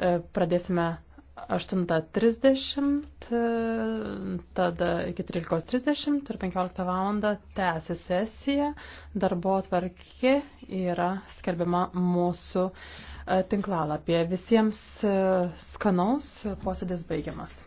E, pradėsime 8.30, e, tada iki 13.30 ir 15 val. tęsi sesiją. Darbo atvarkė yra skelbiama mūsų e, tinklalapyje. Visiems skanaus posėdis baigiamas.